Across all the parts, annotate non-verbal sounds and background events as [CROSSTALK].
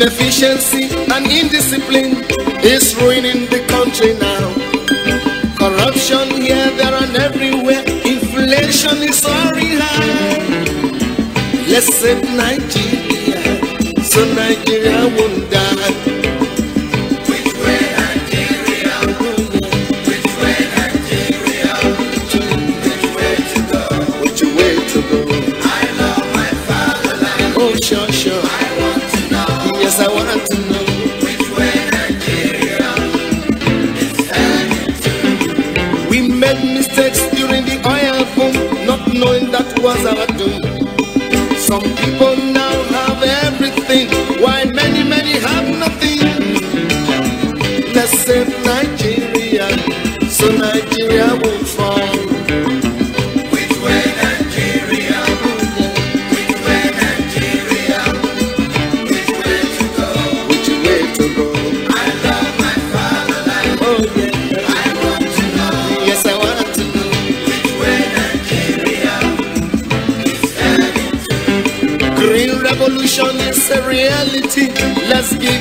Inefficiency and indiscipline is ruining the country now. Corruption here, there, and everywhere. Inflation is very high. Let's save Nigeria so Nigeria won't Some people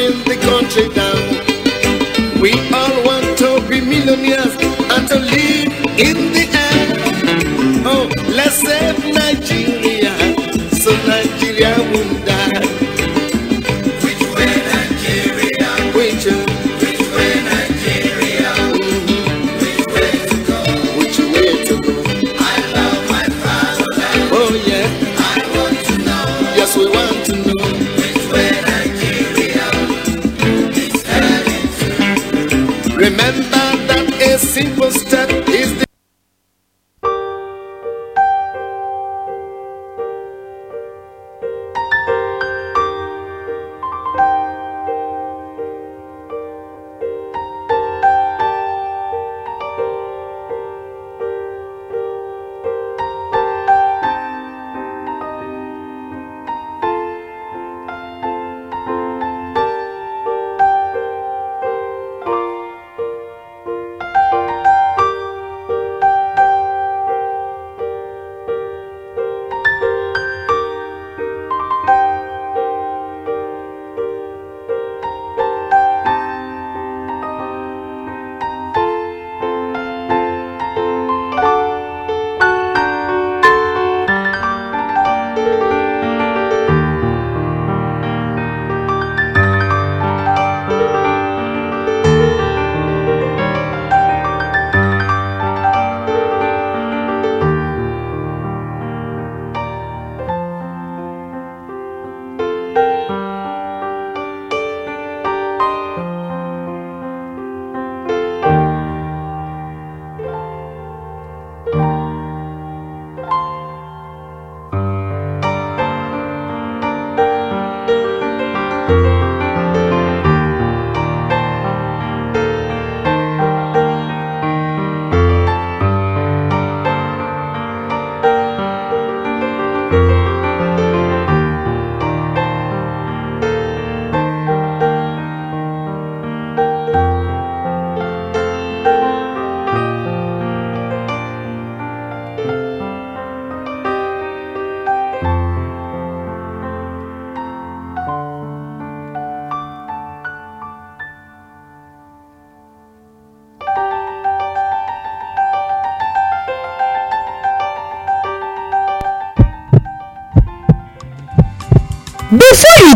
in the country now. We all want to be millionaires and to live in the air. Oh, let's save Nigeria.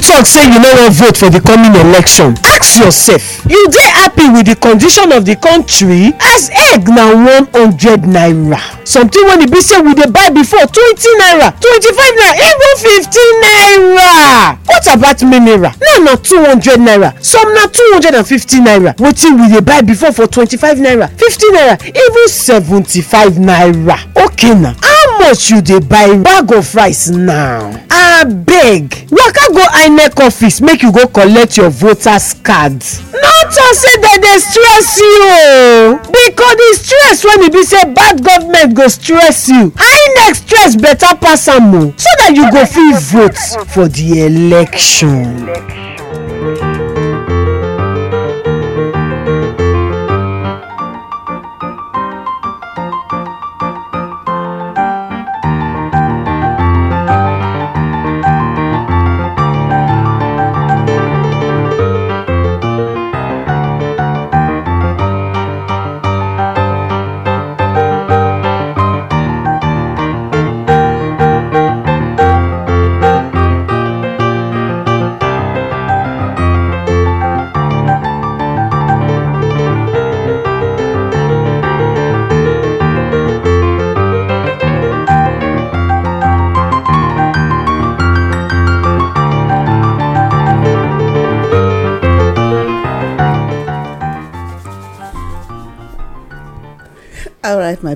talk say you no wan vote for the coming election ask yourself you dey happy with the condition of the country as egg na one hundred naira something wey e be say we dey buy before twenty naira twenty-five naira even fifteen naira what about mineral now na two hundred naira some na two hundred and fifty naira wetin we dey buy before for twenty-five naira fifty naira even seventy-five naira okay na much you dey buy bag of rice now abeg waka go inec office make you go collect your voters card no talk say dem dey stress you o because the stress wey e be say bad government go stress you inec stress better pass am o so that you go fit vote for the election. election.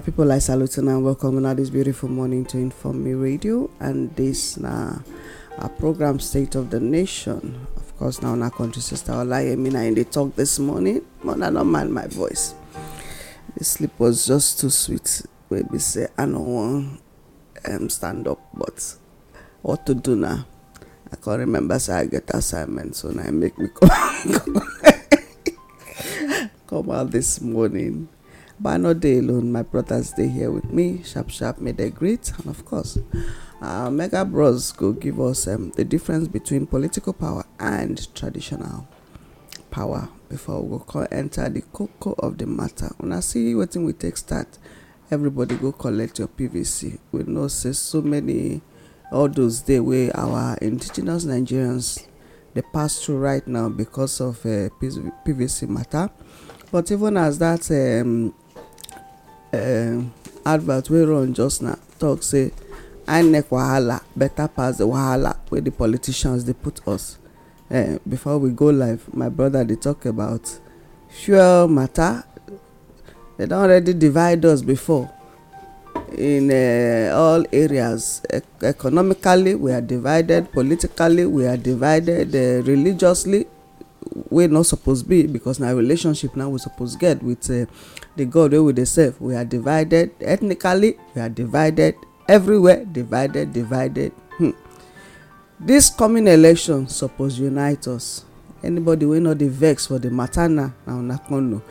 people I salute and welcome now this beautiful morning to Inform Me Radio and this na our program State of the Nation. Of course, now our country sister Olayemina in the talk this morning. Man, I don't mind my voice. The sleep was just too sweet. Maybe say I don't want um, stand up, but what to do now? I can't remember so I get assignment, so now I make me come, [LAUGHS] come out this morning. but i no dey alone my brothers dey here with me sharp sharp may they greet and of course uh, mega bros go give us um, the difference between political power and traditional power before we go enter the cocoa of the matter When I see wetin we take start everybody go collect your pvc we know say so many all those day wey our indigenous nigerians they pass through right now because of uh, pvc matter but even as that um, Um, advert wey run just now talk say inec wahala better pass the wahala wey the politicians dey put us um, before we go live my brother dey talk about fuel matter They don already divide us before in uh, all areas e, economically we are divided politically we are divided uh, religiously wey no suppose be because na relationship now we suppose get with uh, the god wey we dey serve we are divided ethnically we are divided everywhere divided divided hmm dis coming election suppose unite us anybody wey no dey vex for the matter na una know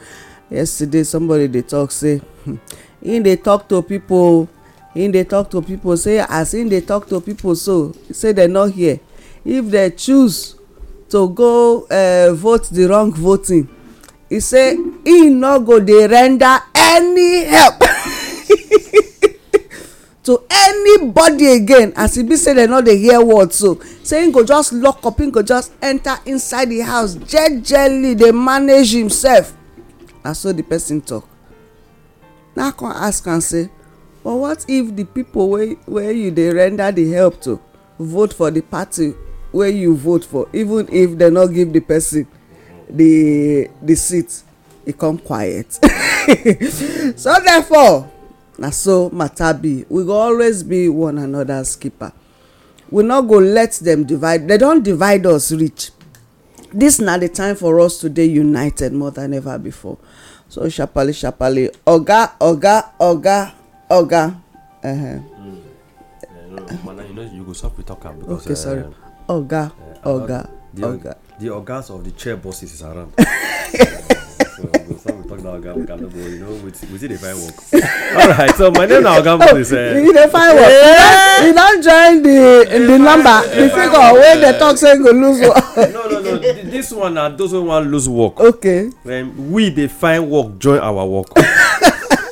yesterday somebody dey talk say hmm, him dey talk to people. him dey talk to people say as him dey talk to people so say they no hear if they choose to go eh, vote the wrong voting he say he no go dey render any help [LAUGHS] to anybody again as e be say dem no dey hear word so say him go just lock up him go just enter inside the house jejely dey manage himself na so the person talk. now come ask am say but what if di pipo wey you dey render the help to vote for the party wey you vote for even if dem no give the person the the seat e come quiet [LAUGHS] so therefore na so matter be we go always be one anoda's keeper we no go let dem divide dem don divide us reach This na the time for us to dey united more than ever before so shapali shapali oga oga oga oga Uh mm. eh, -huh. no, you know you go stop to talk am because okay sorry eh, oga eh, oga oga. the ogas of the chair bosses is around. [LAUGHS] So talk about Oga, Ogam Galabo, you know, we see, we see the fireworks. [LAUGHS] All right, so my name now Oga. is. Uh, you the fireworks. Yeah. You don't join the the number, yeah. the figure yeah. when they talk saying go lose work. No, no, no. This one na those who wan lose work. Okay. Um, we dey find work join our work.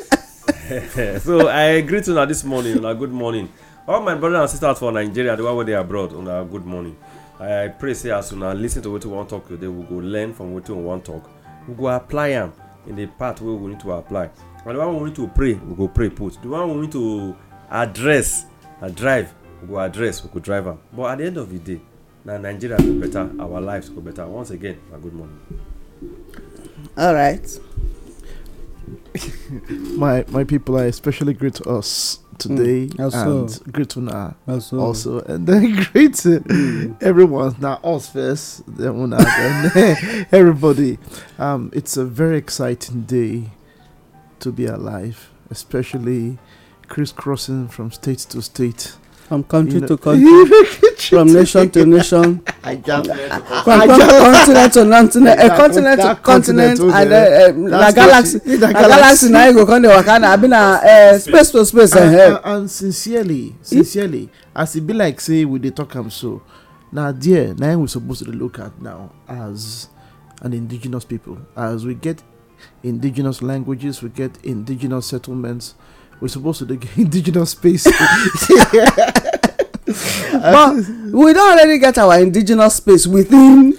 [LAUGHS] so I greet una this morning, una good morning all my brothers and sisters for nigeria the one wey dey abroad una good morning i pray say as una lis ten to wetin we wan talk today we go learn from wetin we wan talk we go apply am in the part wey we need to apply and the one we need to pray we go pray put the one we need to address na drive we go address we go drive am but at the end of the day na nigeria go better our lives go better once again na good morning. all right [LAUGHS] my my people i especially greet us today mm, and great to now also. also and then [LAUGHS] greet to uh, mm. everyone now us first then una ah, then [LAUGHS] everybody um it's a very exciting day to be alive especially crisscrossing from state to state from country [LAUGHS] to country [LAUGHS] from nation to nation from continent to continent a eh, continent to continent and then eh, eh, na galaxy na galaxy na e go come dey waka na abi na space to space. and sincerely sincerely as e be like say we dey talk am so na there na we suppose to dey look at now as an indigenous people as we get indigenous languages we get indigenous settlements we're supposed to dig [LAUGHS] indigenous space. [LAUGHS] but we don't already get our indigenous space within uh,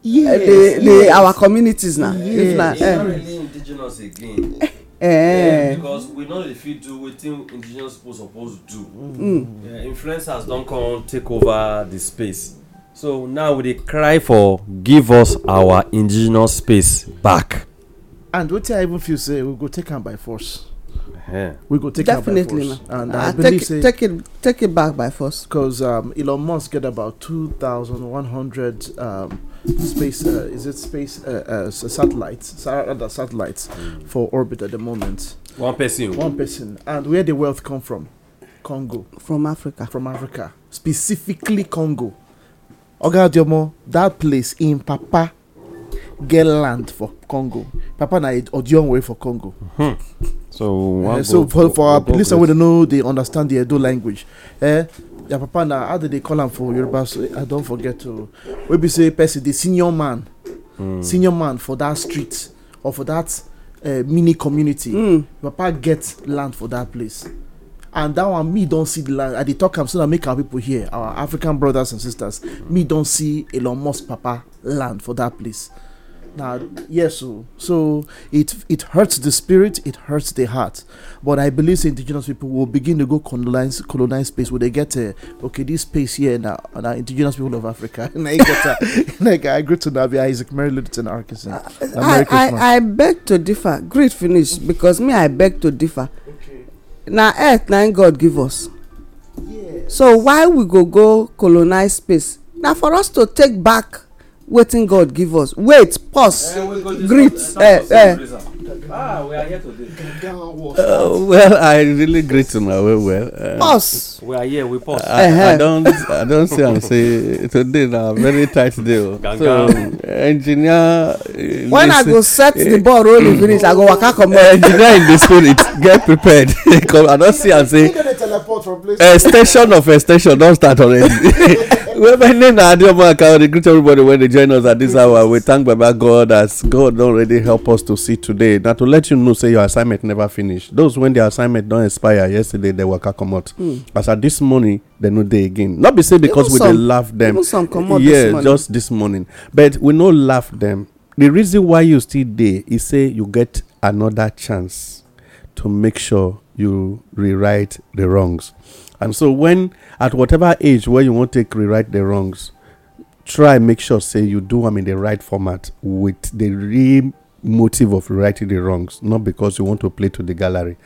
yes, uh, the, the, yes. our communities now. Yes. If not, it's um, not eh. really indigenous again. Yeah, eh, because we know if you do within indigenous people supposed to do. Mm. Yeah, influencers don't come take over the space. So now we cry for give us our indigenous space back. And what I even feel say we go take them by force. Yeah. We go take Definitely, it back by force. And uh, I ah, believe take, it, take it take it back by force. Because um, Elon Musk get about two thousand one hundred um, space uh, is it space uh, uh satellites other satellites mm. for orbit at the moment. One person. One person. And where the wealth come from? Congo. From Africa. From Africa. Specifically Congo. Ogadiomo, that place in Papa get land for Congo. Papa na Odion way for Congo. Mm-hmm. So, uh, so for, for our police, I want to know they understand the Edo language. Eh? Your papa, now, how did they call him for Yoruba? So I don't forget to. We be say, person, the senior man, mm. senior man for that street or for that uh, mini community. Mm. Papa get land for that place. And that one, me don't see the land. I did talk him so that make our people hear our African brothers and sisters, mm. me don't see Elon Musk Papa land for that place. Now, yes, oh. so it it hurts the spirit, it hurts the heart. But I believe indigenous people will begin to go colonize colonize space where they get a okay this space here now. Now indigenous people of Africa. and [LAUGHS] I get a, [LAUGHS] like I agree to Nabi Isaac Mary Littleton Arkansas. Eh. Uh, I, I, I beg to differ. Great finish because me I beg to differ. Okay. Now earth, now God give us. Yes. So why we go go colonize space? Now for us to take back wetin god give us wait pause greet eh eh Ah, uh, well, I really greet him. Well, well. Uh, pause. We are here. We pause. I, I uh-huh. don't. I don't see. I'm say today na very tight deal. Oh. So engineer. Uh, when I go set the ball rolling finish, I go waka come. Uh, engineer in the spirit, get prepared. [LAUGHS] come. I don't see. I'm say. Uh, station of a uh, station. Don't start already. [LAUGHS] Well, my name na Adeoma Akari, greet everybody when they join us at this hour. We thank Baba God as God already help us to see today. yesterday na to let you know say your assignment never finish those when their assignment don expire yesterday dey waka comot as hmm. at this morning they no dey again not be say because we dey laugh dem yeah just this morning but we no laugh them. the reason why you still dey is say you get another chance to make sure you rewrite the wrongs and so when at whatever age where you wan take rewrite the wrongs try make sure say you do am in the right format with the real motive of righting the wrongs, not because you want to play to the gallery.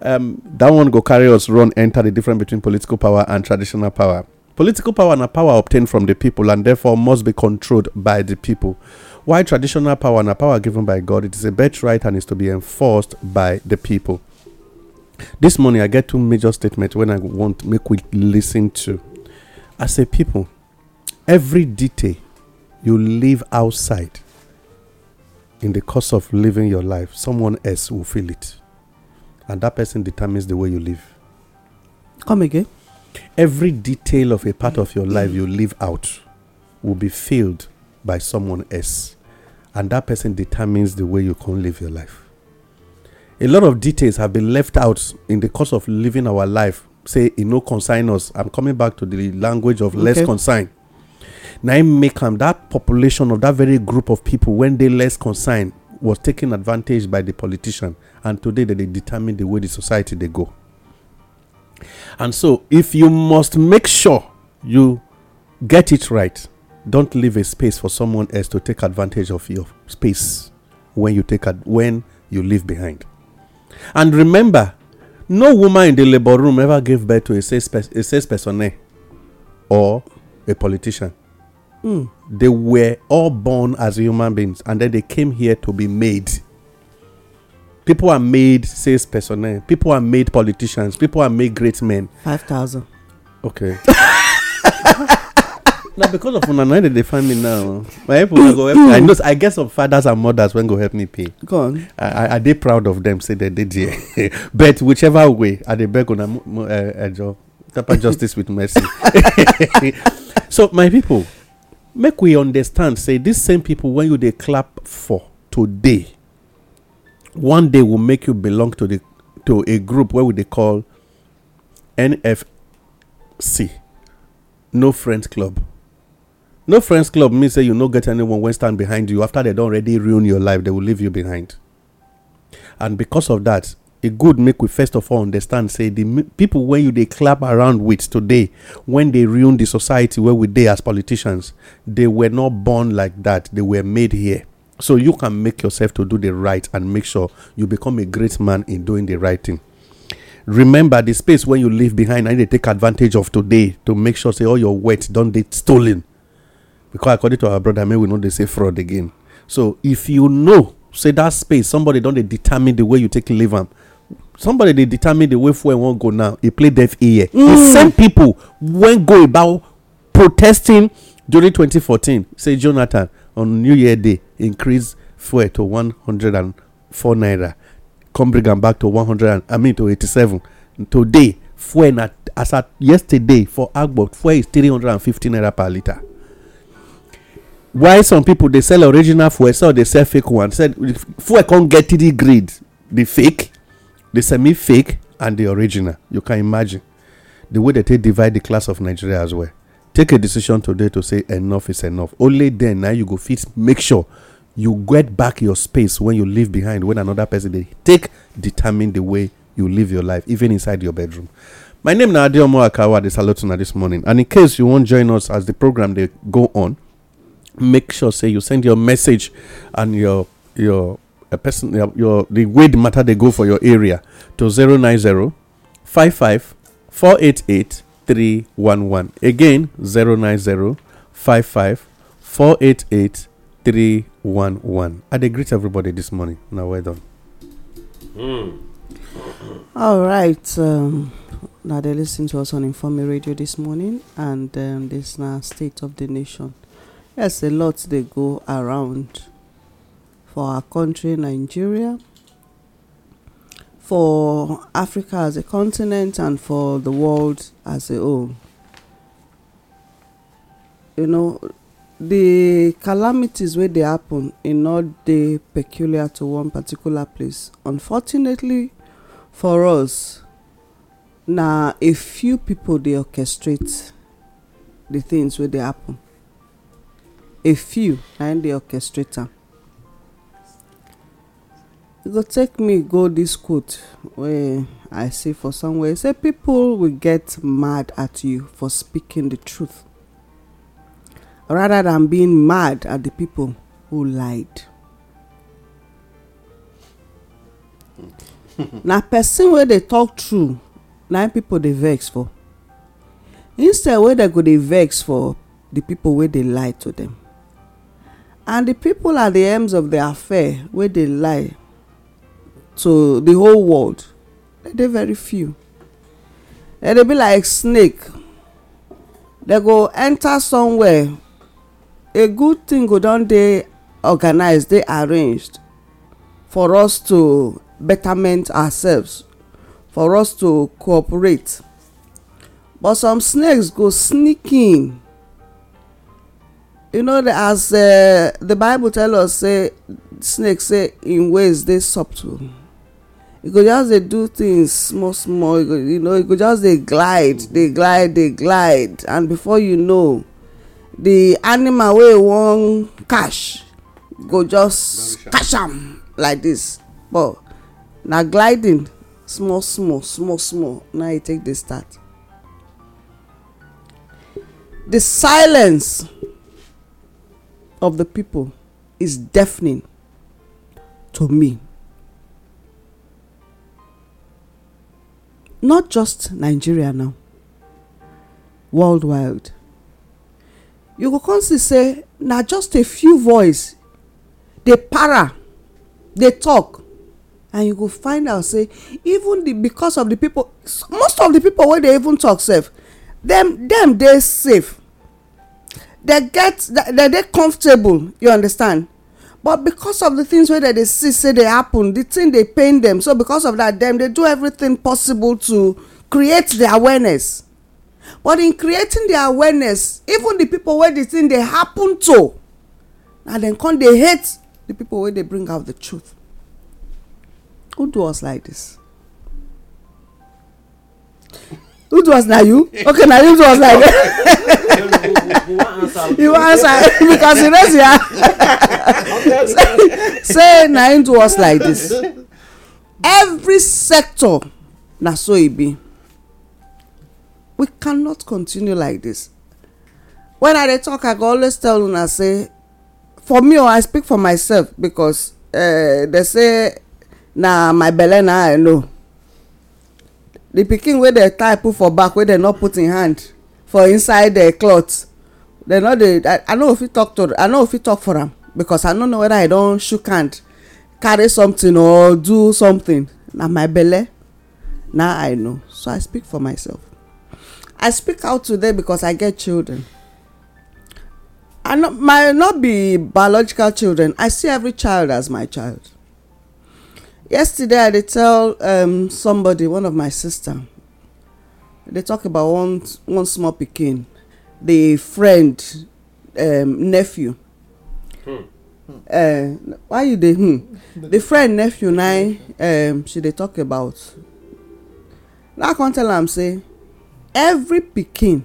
Um, that one go carry us run enter the difference between political power and traditional power. Political power and power obtained from the people and therefore must be controlled by the people. Why traditional power and power given by God, it is a birthright and is to be enforced by the people. This morning, I get two major statements when I want make we listen to. As a people, every detail you live outside in the course of living your life, someone else will feel it. And that person determines the way you live. Come again. Every detail of a part of your life you live out will be filled by someone else. And that person determines the way you can live your life. A lot of details have been left out in the course of living our life. Say, you know, consign us. I'm coming back to the language of okay. less consign. Now make them that population of that very group of people when they less concerned was taken advantage by the politician, and today they determine the way the society they go. And so, if you must make sure you get it right, don't leave a space for someone else to take advantage of your space when you take ad- when you leave behind. And remember, no woman in the labor room ever gave birth to a sex, a sex personnel eh? or a politician. Mm. They were all born as human beings and then they came here to be made. People are made sales personnel, people are made politicians, people are made great men. 5,000. Okay. [LAUGHS] now because of una they find me now my people go help me i know i guess some fathers and mothers wey go help me pay go on i I. They proud of them. say they did. there [LAUGHS] but whichever way i They beg on una eh, eh, job. Tapa justice with mercy. [LAUGHS] [LAUGHS] so, my people, make we understand say these same people, when you they clap for today, one day will make you belong to the to a group where would they call NFC, No Friends Club. No Friends Club means say you no get anyone when stand behind you. After they don't already ruin your life, they will leave you behind. And because of that, e good make we first of all understand say the people wey you dey clap around with today when they ruin the society where we dey as politicians they were not born like that they were made here so you can make yourself to do the right and make sure you become a great man in doing the right thing remember the space wey you leave behind and you dey take advantage of today to make sure say all your wealth don dey stolen because according to our brother may we no dey say fraud again so if you know say that space somebody don dey determine the way you take live am somebody dey determine the way fuel wan go now e play deaf ear the mm. same pipo wey go about protesting during 2014 say jonathan on new year day increase fuel to 104 naira come bring am back to 100 i mean to 87 today fuel na as at yesterday for agbo fuel is 350 naira per litre Why some people dey sell original fuel some dey sell fake one Said fuel come get three grade the fake the semi fake and the original. You can imagine the way that they divide the class of Nigeria as well. Take a decision today to say enough is enough. Only then now you go fit make sure you get back your space when you leave behind when another person they take determine the way you live your life, even inside your bedroom. My name is Adiomo Akawa, the Salotuna this morning. And in case you won't join us as the program they go on, make sure say you send your message and your your a person your, your the way the matter they go for your area to 090 55 488 311 again 090 55 488 311 i greet everybody this morning now well done mm. all right um, now they listen to us on informe radio this morning and um, this now state of the nation yes a lot they go around for our country, Nigeria, for Africa as a continent, and for the world as a whole. You know, the calamities where they happen are not peculiar to one particular place unfortunately for us now a few people they orchestrate the things where they happen a few and the orchestrator. orchestrate go take me go this quote wey i see for somewhere e say people will get mad at you for speaking the truth rather than being mad at the people who lied [LAUGHS] na person wey dey talk true na im pipo dey vex for instead wey dem go dey vex for the people wey dey lie to them, and the people at the ends of the affair wey dey lie to the whole world they dey very few They dey be like snake They go enter somewhere a good thing go don dey organized dey arranged for us to betterment ourselves for us to cooperate but some snakes go sneak in you know as eh, the bible tell us say snake say im ways dey subtle You go just dey do things small small you know you go just dey glide dey glide dey glide and before you know the animal wey wan catch go just catch am like this but na gliding small small small small na you e take dey start the silence of the people is deafening to me not just nigeria now worldwide you go come see say na just a few voice dey para dey talk and you go find out say even the because of the people most of the people wey dey even talk sef dem dem dey safe dem get dem dey comfortable you understand but because of the things wey dem dey see say dey happen the thing dey pain dem so because of that dem dey do everything possible to create the awareness but in creating the awareness even the people wey the thing dey happen to na dem come dey hate the people wey dey bring out the truth who do us like this who was na you okay na you do us like [LAUGHS] you wan answer because you know ah. [LAUGHS] say say na him do us like this every sector na so e be we cannot continue like this when i dey talk i go always tell una say for me or oh, i speak for myself because uh, they say na my belle na i know the pikin wey dem tie put for back wey dem no put im hand for inside the cloth dem no dey i no go fit talk to i no go fit talk for am because i no know whether i don shook hand carry something or do something na my belle na i know so i speak for myself i speak out today because i get children i no my not be biological children i see every child as my child yesterday i dey tell um, somebody one of my sister dey talk about one one small pikin the friend um, nephew hmm. uh, why you dey hmm the friend nephew na um, she dey talk about na i come tell am say every pikin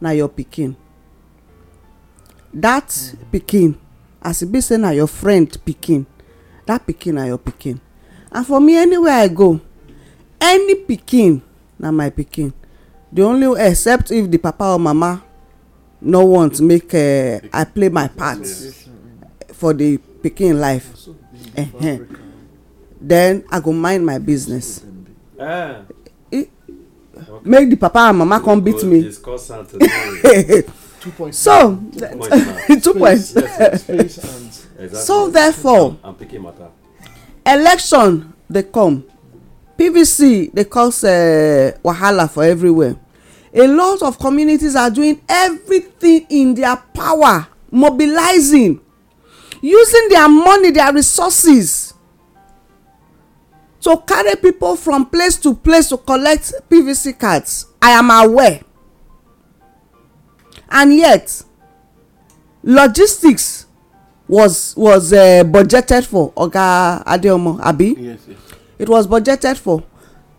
na your pikin that hmm. pikin as e be say na your friend pikin That pikin na your pikin and for me anywhere i go any pikin na my pikin the only way except if the papa or mama no want make uh, i play my part for the pikin life uh -huh. then i go mind my business ah. make the papa and mama come beat me [LAUGHS] so two points. [LAUGHS] Exactly. So therefore, I'm, picking Election they come, PVC they cause uh, wahala for everywhere. A lot of communities are doing everything in their power, mobilizing, using their money, their resources to carry people from place to place to collect PVC cards. I am aware. And yet, logistics was was uh, budgeted for oga adeomo abi yes, yes. it was budgeted for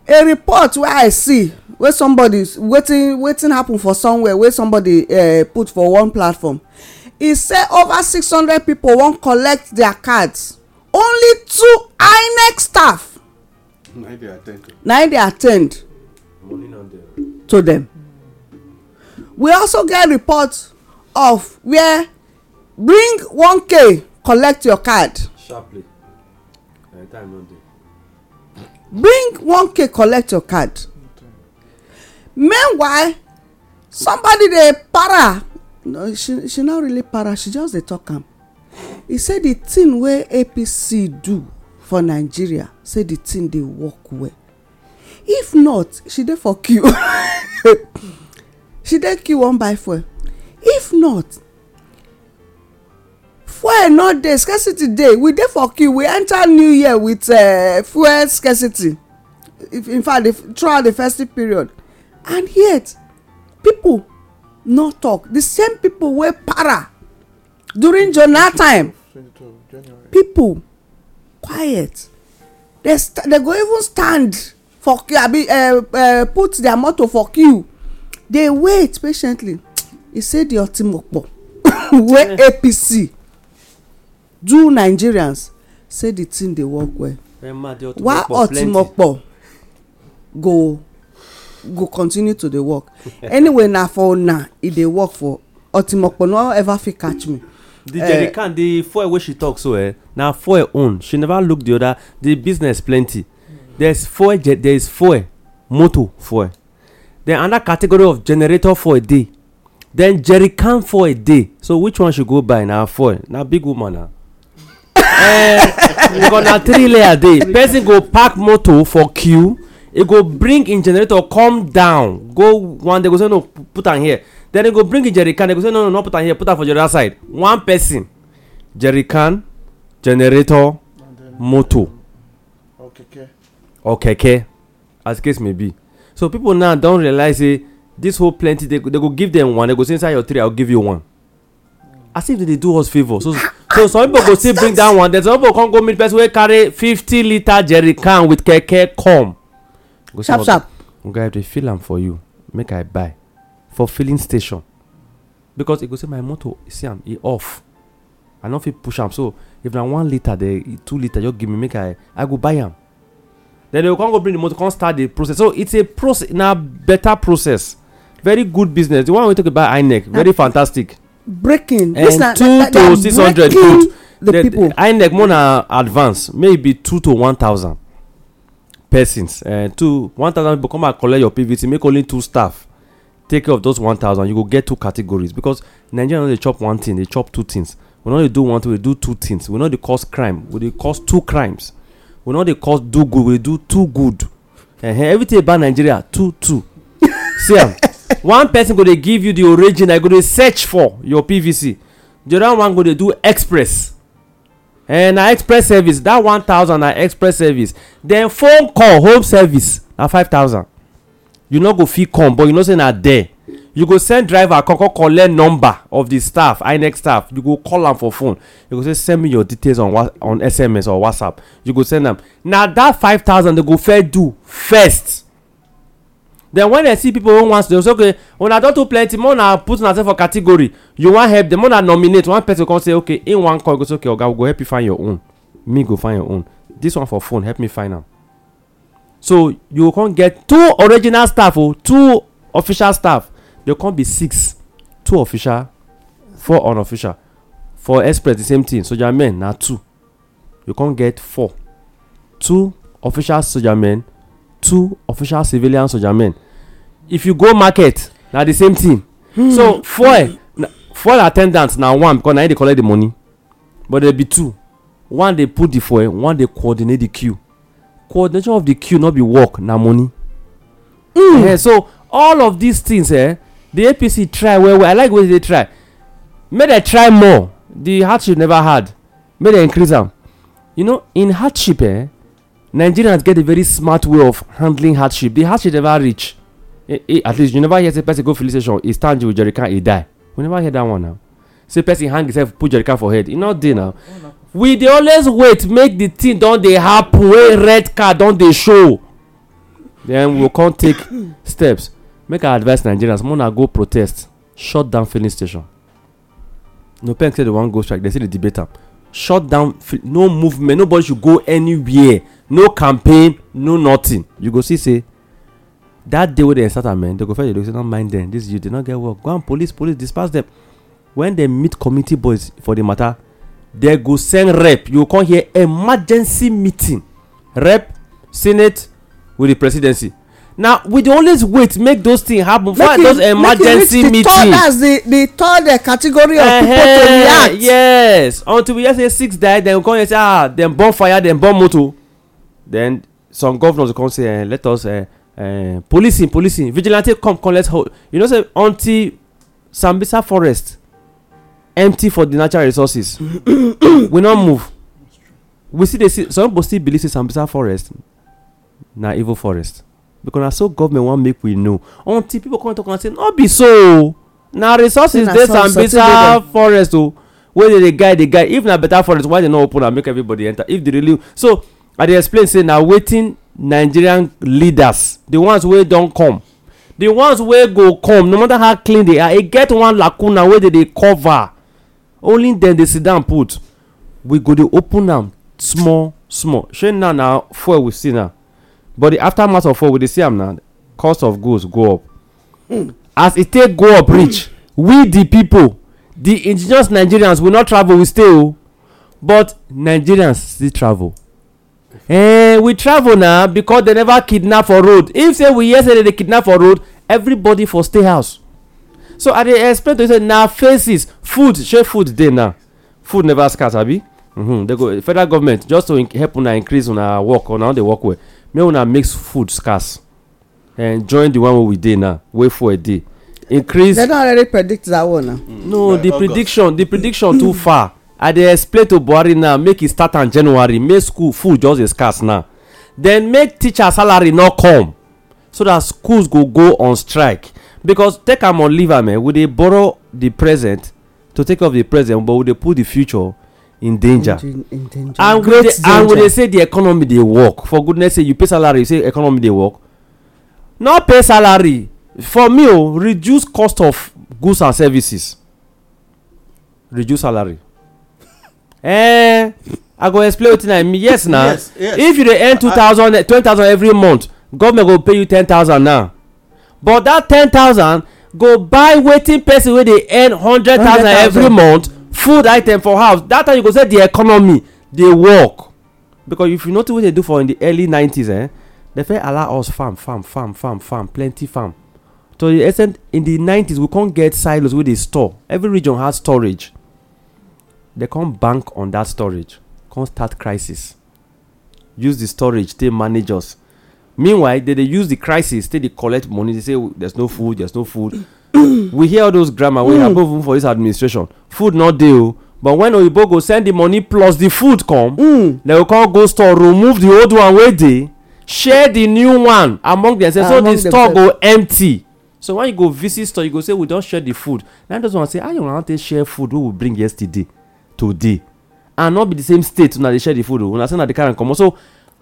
a report wey i see wey somebody wetin wetin happen for somewhere wey somebody uh, put for one platform e say over six hundred people wan collect their cards only two inec staff na im dey at dey at ten d to them we also get report of where bring one k collect your card sharply My time no dey bring one k collect your card meanwhile somebody dey para no she she no really para she just dey talk am e say the thing wey apc do for nigeria say the thing dey work well if not she dey for queue [LAUGHS] she dey queue one by four. if not fuel no dey scarcity dey we dey for queue we enter new year with uh, fuel scarcity if, in fact the, throughout the festive period and yet people no talk the same people wey para during jonah time people quiet they they go even stand for queue abi uh, uh, put their motor for queue dey wait patiently e say the ultimate otimopo wey apc do nigerians say the thing dey work well why otimopo go go continue to dey work [LAUGHS] anyway na for una e dey work for otimopo no ever fit catch me the jerry can eh, the fuel wey she talk so eh na fuel own she never look the other the business plenty there's fuel there is fuel motor fuel then another category of generator fuel dey then jerry can fuel dey so which one she go buy na fuel na big woman na. Ah we go na three layer dey person go park moto for queue e go bring him generator come down go one day go say no put am here then e go bring him jerrycan e go say no no no put am here put am for the other side one person jerrycan generator moto. Okay, okay. Okay, okay. as case may be so people now don realize say this whole plenty they they go give them one they go say inside your three i'll give you one as if they dey do us favour so so some people go still bring dat one then some people come go meet person wey carry fifty litre jerry can with keke come go sharp sharp oga if dey fill am for you make i buy for filling station because e go say my motor see am e off i no fit push am so if na one litre two litre just give me make i i go buy am then they go come go bring the motor come start the process so it's a process na better process very good business the one wey talk about inec very ah. fantastic breaking and na two to six hundred good the people inec more na advance maybe two to one thousand persons eh, two one thousand people come and collect your pvt make only two staff take care of those one thousand you go get two categories because nigeria no dey chop one thing dey chop two things we no dey do one thing we do two things we no dey cause crime we dey cause two crimes we no dey cause do good we dey do two good uh -huh. everything about nigeria two two [LAUGHS] see am one person go dey give you the origin i go dey search for your pvc the other one go dey do express and na express service that one thousand na express service then phone call home service na five thousand you no go fit come but you know say na there you go send driver come come collect number of the staff inec staff you go call am for phone you go say send me your details on on sms or whatsapp you go send am na that five thousand they go first do first then when I see people wey wan say okay una don too plenty more na put una for category you wan help dem more na nominate one person come say okay im wan call go say okay oga we go help you find your own me go find your own this one for phone help me find am so you come get two original staff o oh, two official staff dey come be six two official four unofficial for express the same thing soldier men na two you come get four two official soldier men two official civilian sojamen if you go market na the same thing hmm. so fuel fuel attendant na one because na him dey collect the money but there be two one dey put the fuel one dey coordinate the queue coordination of the queue no be work na money mm. yeah, so all of these things eh, the apc try well well i like the way they try make they try more the hardship never hard make they increase am you know in hardship eh, nigerians get a very smart way of handling hardship the hardship never reach eh, eh, at least you never hear say person go filling station he stand with jerrycan he die we never hear that one now say person hang himself put jerrycan for head e no dey now we dey always wait make the thing don dey happen wey red card don dey show then we we'll come take [COUGHS] steps make i advise nigerians make una go protest shut down filling station No nopeng say they wan go strike they still dey debate am shut down no movement nobody should go anywhere no campaign no nothing you go see say that day wey dem start am eh, dem go first dey look say no mind dem This youth dey no get work go am police police disperse dem When dem meet committee boys for the matter dem go send rep you go come hear emergency meeting rep senate with the presidency na we dey always wait make those things happen for those emergency meeting make e reach that's the the third eh, category of people to react yes until we hear say six die dem go come hear say ah dem burn fire dem burn motor Then some governors will come say, uh, let us uh, uh, policing, policing, vigilante come, come, let's hold. You know, say until Sambisa forest empty for the natural resources, [COUGHS] we not move. We see they see some people still believe say Sambisa forest na evil forest because na so government wan make we know until people come talk am say no be so na resources dey Sambisa forest o oh. wey dey dey guide dey guide if na better forest why dey no open am make everybody enter if dey really so i dey explain say na wetin nigerian leaders the ones wey don come the ones wey go come no matter how clean they are e get one lacuna wey dey dey cover only dem dey sit down put we go dey open am small small shey now na fuel we see now but the aftermath of fuel we dey see am na cost of goods go up hmm. as e take go up reach we the people the indigenous nigerians we no travel we stay o but nigerians still travel eh, we travel now because they never kidnap for road if say we hear say they dey kidnap for road everybody for stay house so i dey explain to you say na faces food shey food dey now food never scarce abi mm-hmm. go federal government just to help una increase una work una no dey work well make una mix food scarce and eh, join the one wey we dey now wey a day. increase. They don already predict that one na. no the prediction the prediction too far i dey explain to buhari now make e start am january make school full just dey scarce now then make teacher salary no come so that schools go go on strike because take am or leave am eh we dey borrow the present to take off the present but we dey put the future in danger and we dey say the economy dey work for goodness sake you pay salary you say economy dey work no pay salary for me o oh, reduce cost of goods and services reduce salary eh i go explain wetin i mean yes na if you dey earn two thousand thousand every month government go pay you ten thousand now but that ten thousand go buy wetin person wey dey earn hundred thousand every month food item for house That time you go say the economy dey work because if you notice wey dey do for in the early nineties, eh dem fit allow us farm farm farm farm farm plenty farm to the extent in the nineties we con get silos wey dey store every region has storage they can't bank on that storage Can't start crisis use the storage They manage us meanwhile they dey use the crisis They dey collect money they say oh, there's no food there's no food [COUGHS] we hear all those grammar We happen hmm. even for this administration food not deal. Oh. but when oyibo go send the money plus the food come mm. they will come go store remove the old one wey dey share the new one among themselves uh, so among the store go empty so when you go visit store you go say we don share the food na those one say how you wan take share food wey we bring yesterday today and not be the same state una dey share the food o una say na dey carry am comot so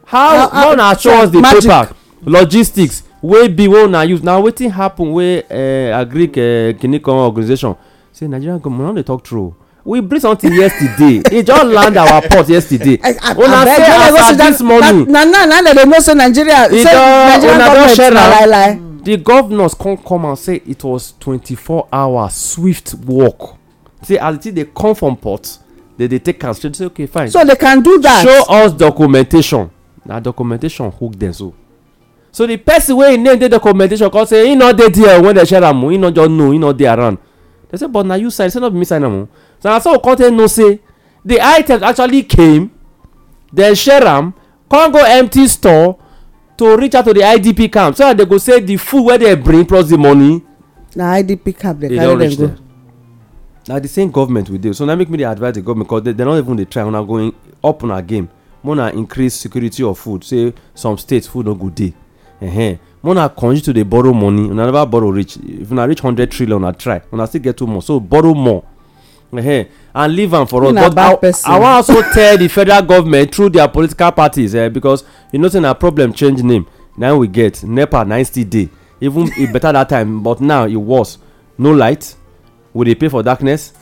how how una show us the paper logistics wey be wey una use na wetin happen wey uh, agric uh, eh, kinikan organisation say nigerian government no dey talk true we bring something yesterday [LAUGHS] e just land our port yesterday una say as at this morning na now na dem dey know say nigeria e say nigerian government na lie lie the governors come come and say it was twenty-four hours swift work say as the thing dey come from port they dey take am say okay fine. so they can do that. show us documentation na documentation hook dem so so the person wey him name dey documentation come say him no dey there when dem share am o oh. him no just know him no dey around dem say but na you sign say no be me sign am o oh. so na so we come take know say the items actually came dem share am come go empty store to reach out to the idp camp so that they go say the food wey dem bring plus the money. na idp camp dem carry dem go na the same government we dey so na make me dey advise the government because dem no even dey try una go up una game more na increase security of food say some states food no go dey uh -huh. more na continue to dey borrow money una never borrow reach if una reach hundred trillion una try una still get too much so borrow more uh and leave am for us but I, person. i wan [LAUGHS] also tell the federal government through their political parties uh, because you know say na problem change name na we get nepa na still dey even e better that time but now e worse no light we they pay for darkness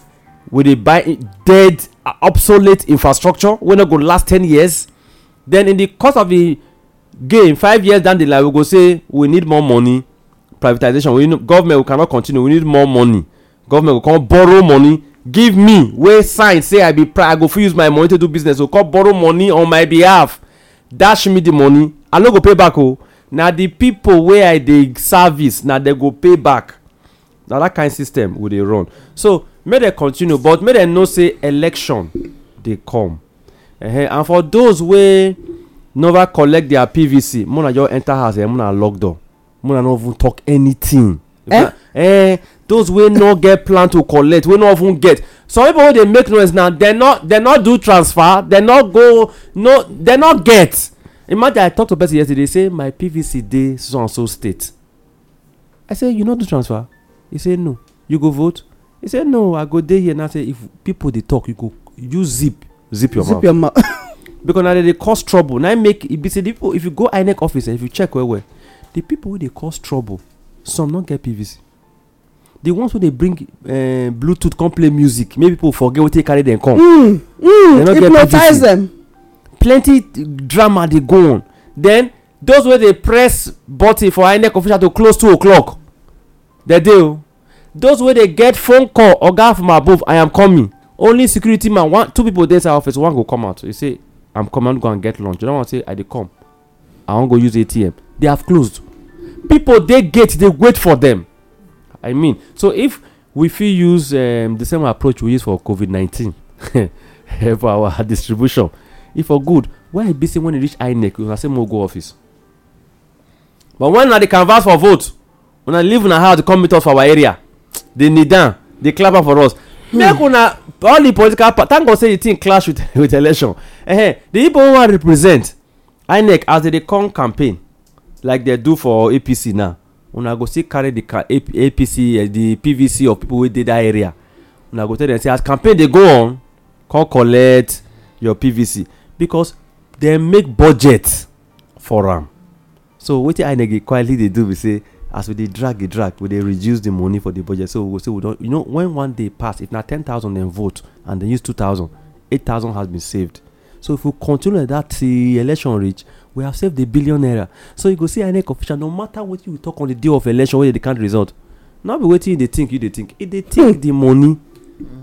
we they buy dead uh, obsolete infrastructure wey no go last ten years then in the course of the game five years down the line we go say we need more money privatization we need, government we cannot continue we need more money government go come borrow money give me wey sign say i be pri i go fit use my money to do business go so come borrow money on my behalf dash me the money i no go pay back o oh. na the people wey i dey service na dem go pay back na that kind system we dey run so make dem continue but make dem know say election dey come -huh. and for those wey never collect their pvc muna just enter house and eh, muna lock door muna no even talk anything eh eh those wey no get plan to collect wey no even get some people wey dey make noise now dem no do transfer dem no go no dem no get imagine i talk to person yesterday say my pvc dey so and so state i say you no do transfer he say no you go vote he say no i go dey here now say if people dey talk you go use zip zip your mouth zip your mouth [LAUGHS] because na dem dey cause trouble na make e be say the people if you go inec office and eh, if you check well well the people wey dey cause trouble some no get pvc the ones wey dey bring uh, bluetooth come play music make people forget wetin carry dem come mm, mm, dem no get pvc them. plenty drama dey go on then those wey dey press button for inec official to close two o'clock dem dey o oh those wey dey get phone call oga from above i am coming only security man one two people dey inside office one go come out he say am coming go and get lunch the other one say i dey come i wan go use atm they have closed people dey gate dey wait for them i mean so if we fit use um, the same approach we use for covid nineteen [LAUGHS] for our distribution e for good why e be say when e reach inec una say mo go office but when una dey canvass for vote una leave una house come meet us for our area dey kneel down dey clap for us hmm. make una all the political party thank god say the thing clash with [LAUGHS] with election eh the igbo wan represent inec as they dey come campaign like they do for apc now una go still carry di apc the pvc eh, of people wey dey that area una go tell them say as campaign dey go on come collect your pvc because dem make budget for am so wetin inec quietly dey do be say as we dey drag dey drag we dey reduce the money for the budget so we go say we don you know when one day pass if na ten thousand dem vote and dem use two thousand eight thousand has been saved so if we continue like that till election reach we have saved a billion naira so you go see inec official no matter wetin you talk on the day of election wey dey count result no be wetin you dey think you dey think e dey take hmm. the money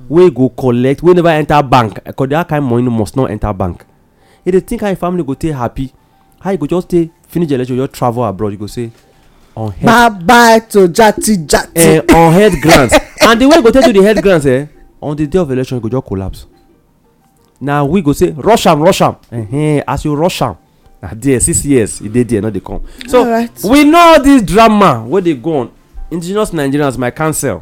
wey go collect wey never enter bank because that kind money must not enter bank e dey think how im family go take happy how you go just take finish the election just travel abroad you go say on head bye bye to jati jati uh, on head grants [LAUGHS] and the way we go take do the head grants eh, on the day of election e go just collapse na we go say rush am rush am uh -huh. as you rush am na there six years e dey there no dey come so right. we know all this drama wey dey go on indigenous nigerians my council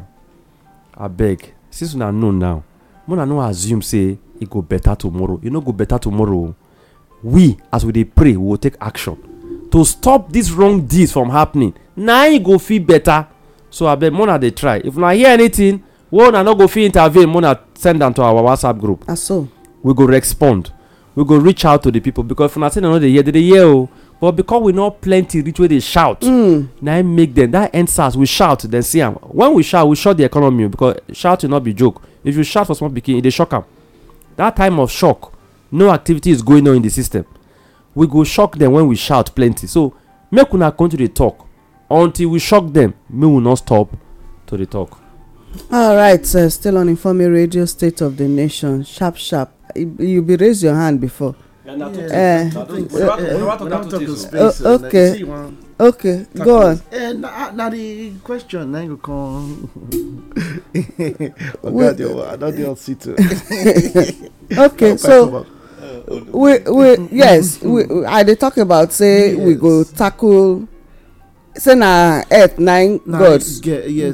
abeg since una know now una no assume say e go better tomorrow e no go better tomorrow we as we dey pray we go take action to stop this wrong deeds from happening na e go feel better so abeg more dey try if una hear anything wey una no go fit intervene more send am to our whatsapp group ah, we go respond we go reach out to the people because if una say dem no dey hear dem dey hear o but because we know plenty reach wey dey shout hmm. na im make dem that answers. we shout dem see am when we shout we shock the economy because shouting no be joke if you shout for small pikin e dey shock am that time of shock no activity is going on in the system we go shock dem when we shout plenty so make una continue dey talk until we shock dem make we no stop to dey talk. all right uh, still on informe radio state of the nation sharp sharp you be raise your hand before. Yeah, uh, uh, okay okay go on. Eh, ah, na the question na go come. [LAUGHS] [LAUGHS] oga dey i don dey on seat. okay so we we yes we i dey talk about say we go tackle say na earth na im god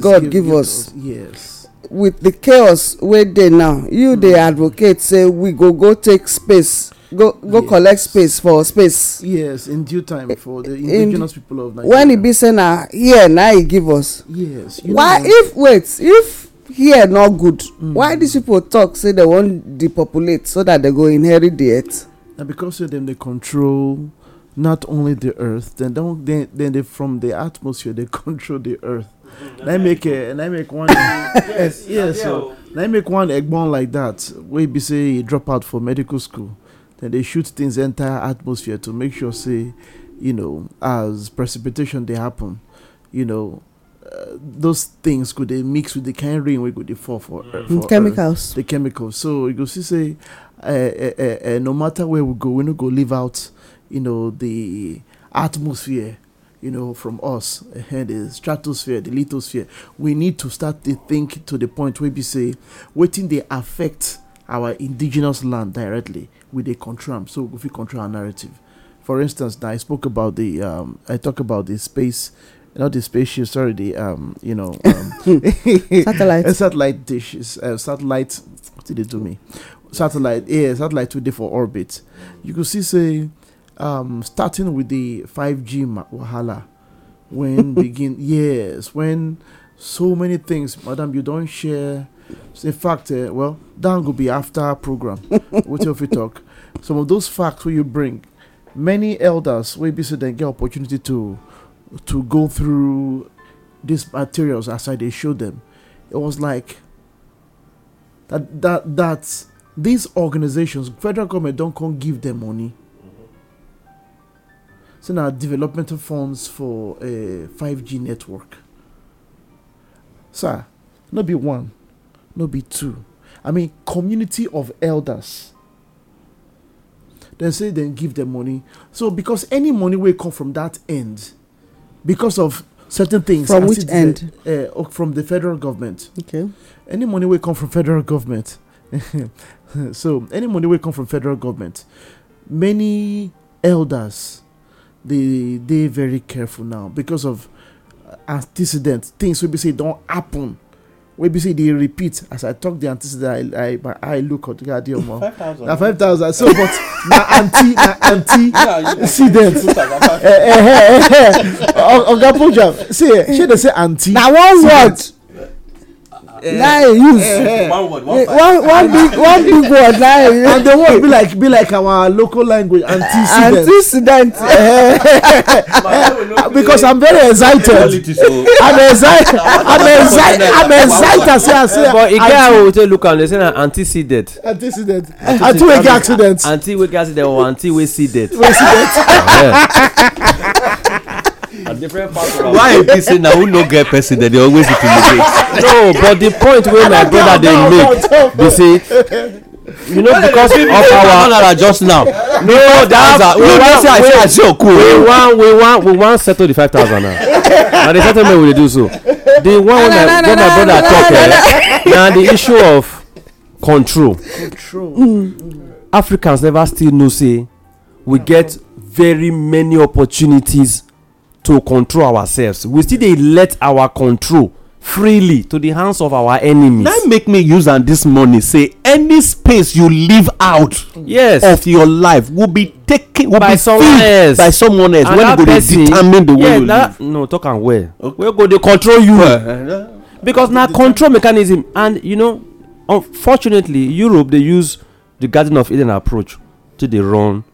god give us yes with the chaos wey dey now you dey mm. advocate say we go go take space go go collect space for space yes in due time for the indigenous people of nigeria when e be say na here na e give us yes why if wait if here no good why these people talk say they wan depopulate so that they go inherit di earth na because say dem dey control not only the earth dem dey from the atmosphere dey [LAUGHS] control the earth na make make one [LAUGHS] yes [LAUGHS] yes na make one egbon like that. wey be say e drop out for medical school dem dey shoot things enter atmosphere to make sure say you know as precipitation dey happen you know those things could they mix with the kind rain we could they fall for, mm. for chemicals earth, the chemicals so you go see say uh, no matter where we go we no go leave out you know the atmosphere you know, from us, uh, the stratosphere, the lithosphere, we need to start to think to the point where we say, waiting they affect our indigenous land directly with a control. So if we control our narrative, for instance, now I spoke about the, um, I talk about the space not the spaceships, sorry, the um, you know, [LAUGHS] um, [LAUGHS] satellite, [LAUGHS] satellite dishes, uh, satellite. What did they do me? Satellite, yeah, satellite today for orbit. You could see say, um, starting with the five G wahala, when begin yes, when so many things, madam, you don't share. So in fact, uh, well, that will be after our program. what if we talk? Some of those facts will you bring? Many elders will be so they get opportunity to to go through these materials as I they showed them. It was like that that that these organizations, federal government don't come give them money. Mm-hmm. So now developmental funds for a 5G network. Sir, so, not be one, not be two. I mean community of elders. Then say then give them money. So because any money will come from that end, because of certain things. From which end? The, uh, eh, from the federal government. Okay. Any money will come from federal government. [LAUGHS] so any money will come from federal government. Many elders, they they very careful now because of uh, antecedent things will be say don't happen wey be say e dey repeat as i talk the aunty i i my eye look at the omo [LAUGHS] na five thousand so but na aunty na aunty incident oga punjab see eh, shey dey say aunty na one word Eh, lie use eh, eh. one word one big one big [LAUGHS] word lie and the word be like be like our local language antecedent antecedent because i'm very excited i'm excited i'm excited i'm excited say i say but e get how we take look am dey say na antecedent antecedent anti wey get accident anti wey get accident or anti wey see death wey see death a different part of our why apc na who no get person dem dey always intimidate no but the point wey my brother dey make be say you know because of our another just now no that's we wan say i say i say oku we wan we wan we wan settle the five thousand now na the settlement we dey do so the one wey my wey my brother talk eh na the issue of control control africans never still know say we get very many opportunities to control ourselves we still dey let our control freely to the hands of our enemies. that make me use am this morning say any space you leave out. yes of your life will be taken will by be filled by someone else and wey go dey determine the yeah, you that, live. no talk am well okay. wey go dey control you well, uh-huh. because na control mechanism and you know unfortunately europe dey use the garden of eden approach to dey run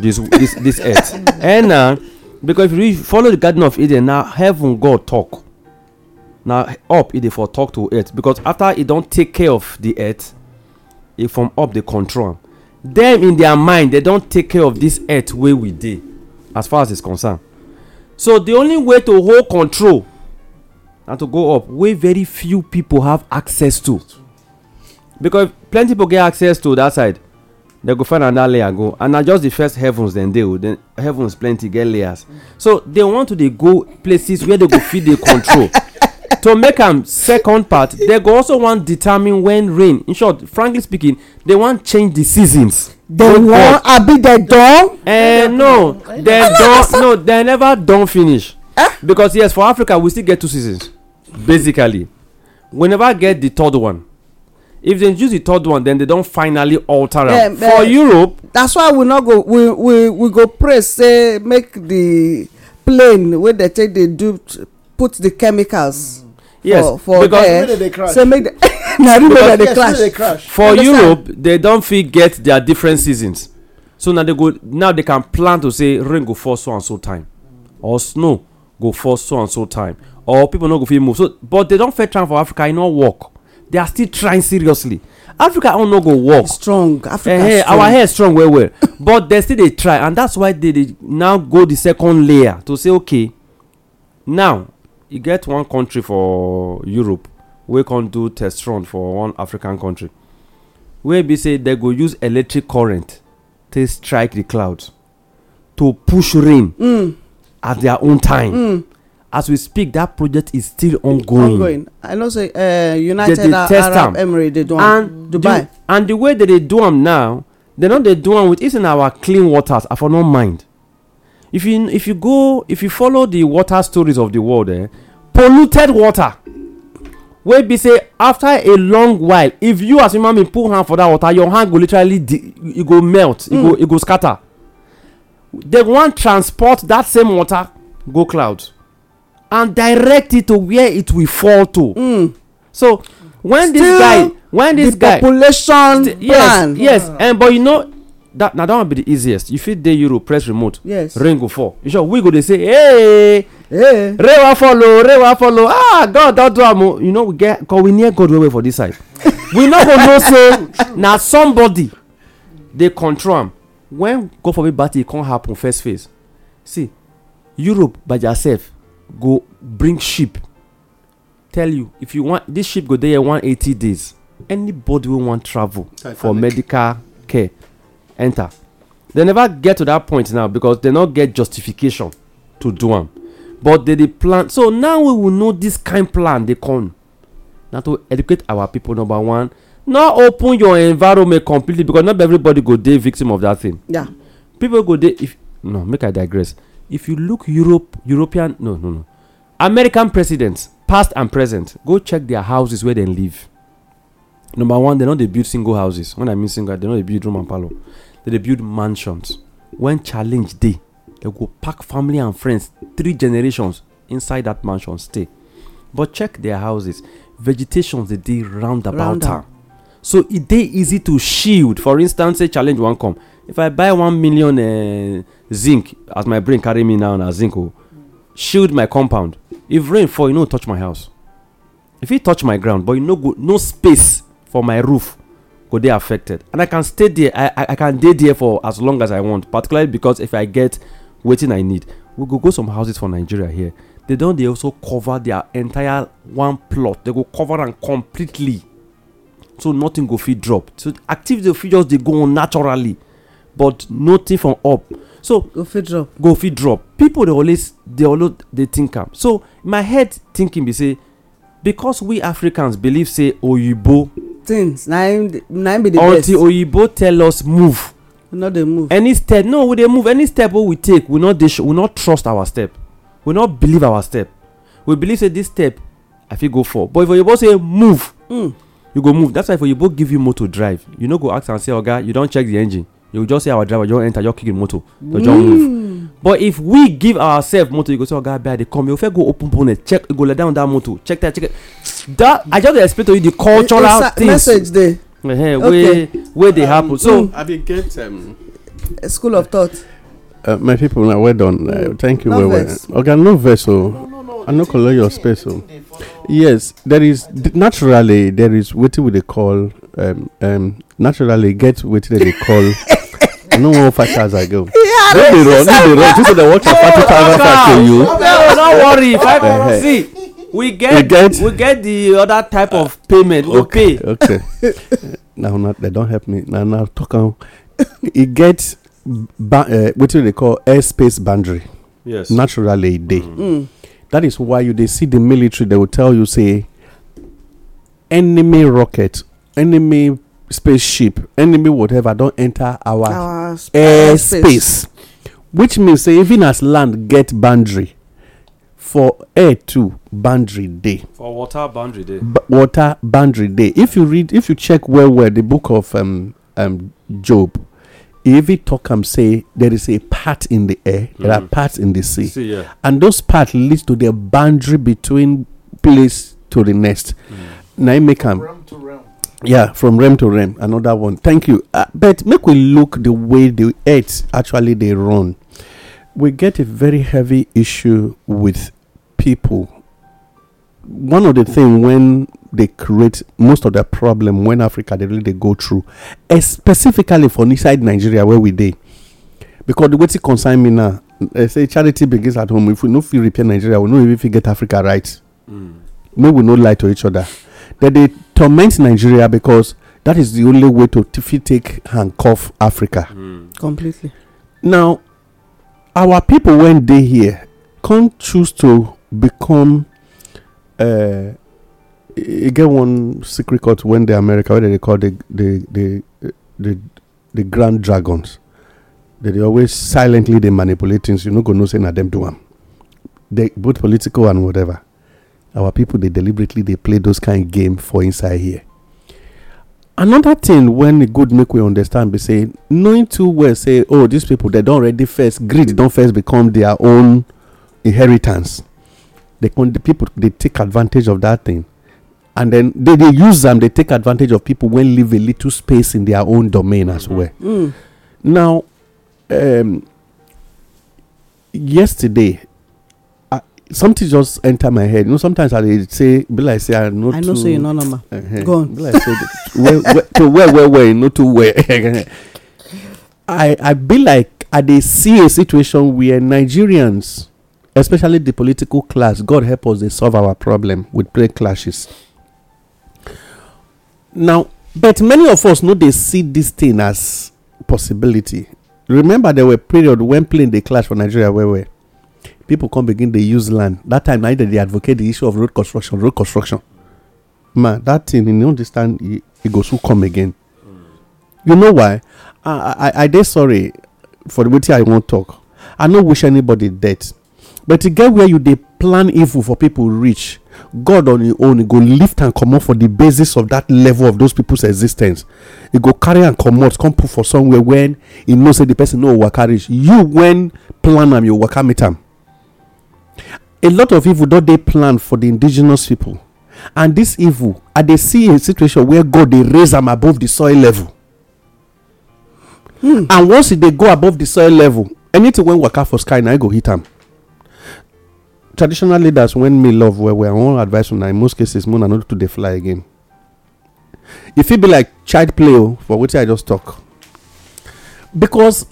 this this this earth and [LAUGHS] eh, na because if you follow the garden of eden na heaven god talk na up e dey for talk to earth because after e don take care of the earth e from up dey control am dem in their mind dem don take care of this earth wey we dey as far as is concerned so the only way to hold control na to go up wey very few people have access to because plenty people get access to that side dem go find another layer go and na just the first heavens dem dey o oh, then heavens plenty get layers so dem want to dey go places where dem go fit dey control to make am second part dem go also wan determine when rain in short frankly speaking dem wan change the seasons. dem wan abi dem don. eh no dem don no dem never don finish. Eh? because yes for africa we still get two seasons basically we never get the third one if dem use the third one then they don finally alter am for europe that's why we go we we we go pray say make the plane wey dem take dey do put the chemicals mm. yes for there say make dem [LAUGHS] na real make dem crash for europe they don fit get their different seasons so now they go now they can plan to say rain go fall so and so time or snow go fall so and so time or people no go fit move so but they don fetch am for africa e no work they are still trying seriously africa own no go work strong africa eh, eh strong our hair strong well well [LAUGHS] but they still dey try and that's why they dey now go the second layer to say okay now e get one country for europe wey come do test run for one african country wey be say they go use electric current take strike the clouds to push rain mm. at their own time mm as we speak that project is still ongoing. ongoing i know say uh, united they, they arab emirates dey do am dubai. The, and the way they dey do am now they no dey do am with even our clean waters i for no mind if you if you go if you follow the water stories of the world eh polluted water wey be say after a long while if you as human being put hand for that water your hand go literally di e go melt e mm. go hmm. e go scatter they wan transport that same water go cloud and direct it to where it will fall to. Mm. so when still this guy when this guy population st- plan yes yes and but you know that na that one be the easiest you fit dey euro press remote yes rain go fall you sure we go dey say hey hey rain wan follow, o rain wan fall ah god don do am o you know we get cause we near god well well for this side [LAUGHS] we no go know say na somebody dey control am when god forbid bad thing e come happen first phase see europe by theirself go bring sheep tell you if you want this sheep go dey here eighty days anybody wey wan travel for medical care enter They never get to that point now because they no get justification to do am but they dey plan so now we will know this kind plan dey come na to educate our people number one no open your environment completely because not everybody go dey victim of that thing Yeah. people go dey if no make i digress if you look europe european no no no american presidents past and present go check their houses where they live number one they no dey build single houses when i mean single they no dey build room and parlour They dey build mansions when challenge dey they go pack family and friends three generations inside that mansion stay but check their houses vegetation dey dey round about am so e dey easy to shield for instance say challenge wan come if i buy one million uh, zinc as my brain carry me now na zinc o oh, shield my compound if rain fall e no touch my house e fit touch my ground but e no go no space for my roof go dey affected and i can stay there i i, I can dey there for as long as i want particularly because if i get wetin i need we go go some houses for nigeria here they don dey also cover their entire one plot they go cover am completely so nothing go fit drop so activity go fit just dey go on naturally but nothing from up so go fit drop go fit drop people dey always dey always dey think am so my head thinking be say because we africans believe say oyibo things na im be the best until oyibo tell us move we no dey move any step no we dey move any step wey we take we no dey we no trust our step we no believe our step we believe say this step i fit go for but if oyibo say move hmm. you go move that's why if oyibo give you motor drive you no go ask am say oga you don check the engine you just say our driver just enter just kick the motor to just mm. move but if we give ourselves motor you go say oga oh, abeg i dey come you first go open bonnet check you go lay down that motor check that check that i just dey explain to you the cultural things message dey uh-huh, okay. wey wey dey happen so. i mm. bin get. Um, school of thought. Uh, my people na well done uh, mm. thank you no well well oga oh, no vex o i no collect your space o yes there is naturally there is wetin we dey call um, um, naturally get wetin dem dey call. [LAUGHS] no wan fight as i go yeah, no dey run no dey run you say dem wan transfer two thousand five to you. no no worry five uh, see we get we get, we get the other type of payment we okay, pay. okay now [LAUGHS] na they don help me na na talk am e get ba uh, eh, wetin we dey call airspace boundary. yes naturally e dey. Mm. mm. that is why you dey see the military they will tell you say enemy rocket enemy spaceship enemy whatever don't enter our, our space. space which means say even as land get boundary for air too boundary day. for water boundary day. B- water boundary day if you read if you check where where the book of um, um, job if it talk and say there is a part in the air mm-hmm. there are mm. parts in the sea, yeah. and those parts leads to the boundary between place to the nest. mm. now make am yeah from rem to rem another one thank you uh, but make we look the way the earth actually they run we get a very heavy issue with people one of the thing when they create most of the problem when africa they really dey go through specifically for inside nigeria where we day, because the wetin consign me now say charity begins at home if we no fit repair nigeria we no even fit get africa right mm. make we no lie to each other That they torment nigeria because that is the only way to fit take handcuff africa hmm. completely now our people when they here can't choose to become uh, e, e- get one secret cult when they america where they call the the the the the grand dragons dem they always silently they manipulate things you no go know say na them do they both political and whatever our people they deliberately they play those kind of game for inside here another thing when a good make we understand be say knowing too well say oh these people they don't already first greed don't first become their own inheritance they con the people they take advantage of that thing and then they they use them, they take advantage of people when leave a little space in their own domain as mm-hmm. well mm. now um, yesterday something just enter my head you know sometimes i dey say be like say i no too i know say you no normal go on be like say to well well well you no too well [LAUGHS] i i be like i dey see a situation where nigerians especially the political class god help us dey solve our problem with play clashes now but many of us no dey see this thing as possibility remember there were period when plane dey clash for nigeria well well people come begin They use land that time neither they advocate the issue of road construction road construction man that thing you understand It goes. Who come again you know why i i dey sorry for the wetin i won't talk i no wish anybody dead. but to get where you they plan evil for people rich. god on your own go lift and come up for the basis of that level of those people's existence you go carry and come comot come put for somewhere when in know say the person no what carries you when plan am you waka meet am a lot of evil don dey planned for the indigenous people and this evil i dey see a situation where god dey raise am above the soil level hmm. and once e dey go above the soil level anything wey waka for sky na e go hit am traditional leaders wen me love well well i wan advise una in most cases moon no too dey fly again e fit be like child play o oh, for wetin i just talk because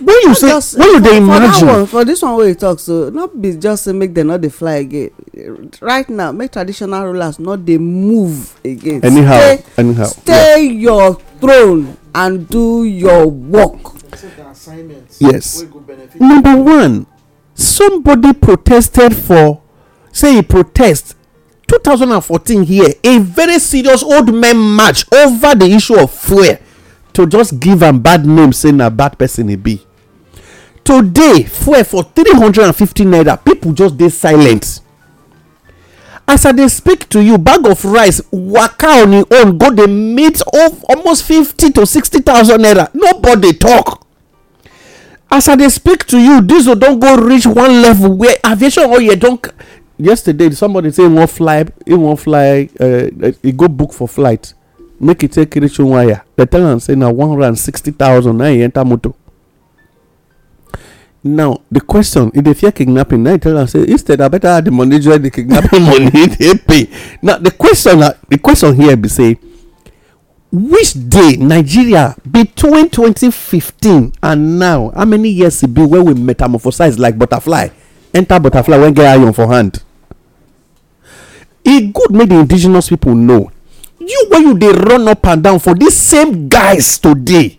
when you say when you dey imagine for for this one wey you talk so no be just say make dem no dey fly again right now make traditional rulers no dey move again anyhow anyhow stay your throne and do your work yes number one somebody protested for say e protest 2014 here a very serious old man march over the issue of fuel to just give am bad name say na bad person he be today fuel for three hundred and 350 naira people just dey silent as i dey speak to you bag of rice waka on e own go dey meet almost fifty to sixty thousand naira nobody talk as i dey speak to you diesel don go reach one level where aviation oil don yesterday somebody say e wan fly fly e go book for flight make e take reach one wire They tell am say na thousand. na e enter motor now the question if they fear kidnapping now you tell am say instead i better add the money join the kidnapping money [LAUGHS] they pay now the question uh, the question here be say which day nigeria between 2015 and now how many years it be wey we metamorphosize like butterfly enter butterfly when get iron for hand It e good make the indigenous people know you wey you they run up and down for these same guys today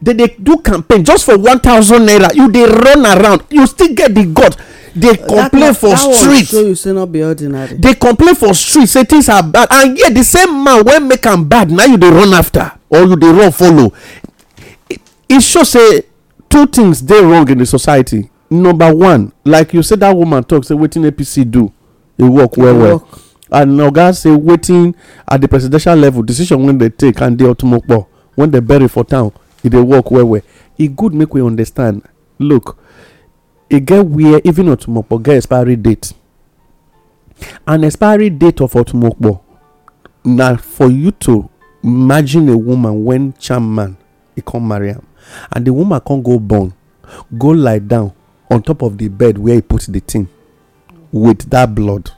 They dey do campaign just for one thousand naira you dey run around you still get the gut dey complain for That street dey complain for street say things are bad and yet the same man wey make am bad na you dey run after or you dey run follow e show say two things dey wrong in the society number one like you say that woman talk say wetin apc do e work e well well and oga say wetin at the presidential level decision wey dem take and dey otumokpo wen dem bury for town e dey work well well e good make we understand look e get where even otumokpo get expiry date an expiry date of otumokpo na for you to imagine a woman when charm man e come marry am and the woman come go born go lie down on top of the bed where he put the thing with that blood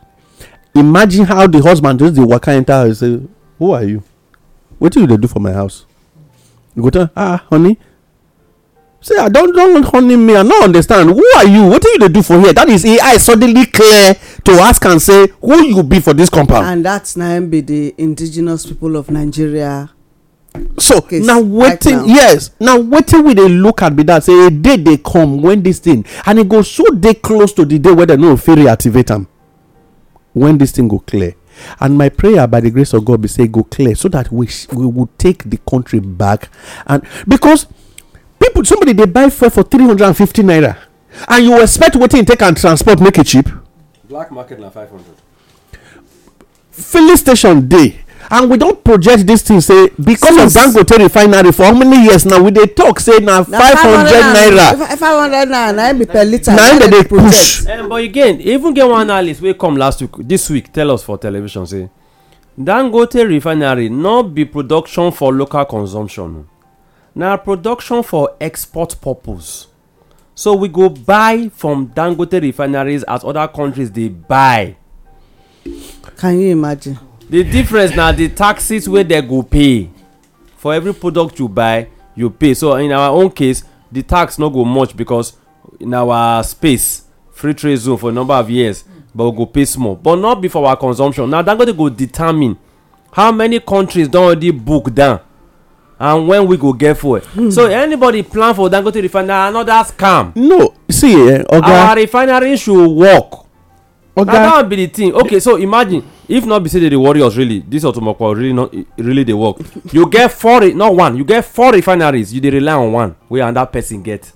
imagine how the husband just dey waka enter house say who are you wetin you dey do for my house You go tell ah honey say i don don honey me i no understand who are you wetin you dey do for here that is ai suddenly clear to ask am say who you be for this compound and dat na im be the indigenous people of nigeria so na wetin yes na wetin we dey look at be that. say a day dey come when this thing and e go so dey close to the day wey dem no fit reactivate am wen dis thing go clear And my prayer by the grace of God be say go clear so that we sh- we will take the country back and because people somebody they buy fuel for 350 naira and you expect you take and transport make it cheap. Black market na five 500. Filling station dey and we don project this thing say because of dangote refinery for how many years now we dey talk say na five hundred naira five hundred naira na be per litre na im dem dey push eh, but again even get one analyst wey come last week this week tell us for television say dangote refinery no be production for local consumption na production for export purpose so we go buy from dangote refineries as other countries dey buy can you imagine the difference na the taxes wey dem go pay for every product you buy you pay so in our own case the tax no go much because in our space free trade zone for a number of years but we go pay small but not before our consumption now dangote go determine how many countries don already book down and when we go get fuel. Mm. so anybody plan for dangote refinery na another scam. no see eh oga. our refinery should work oga na that be the thing okay so imagine if not be say they dey worry us really this otomokpo really not really dey work you get four not one you get four refineries you dey rely on one wey another person get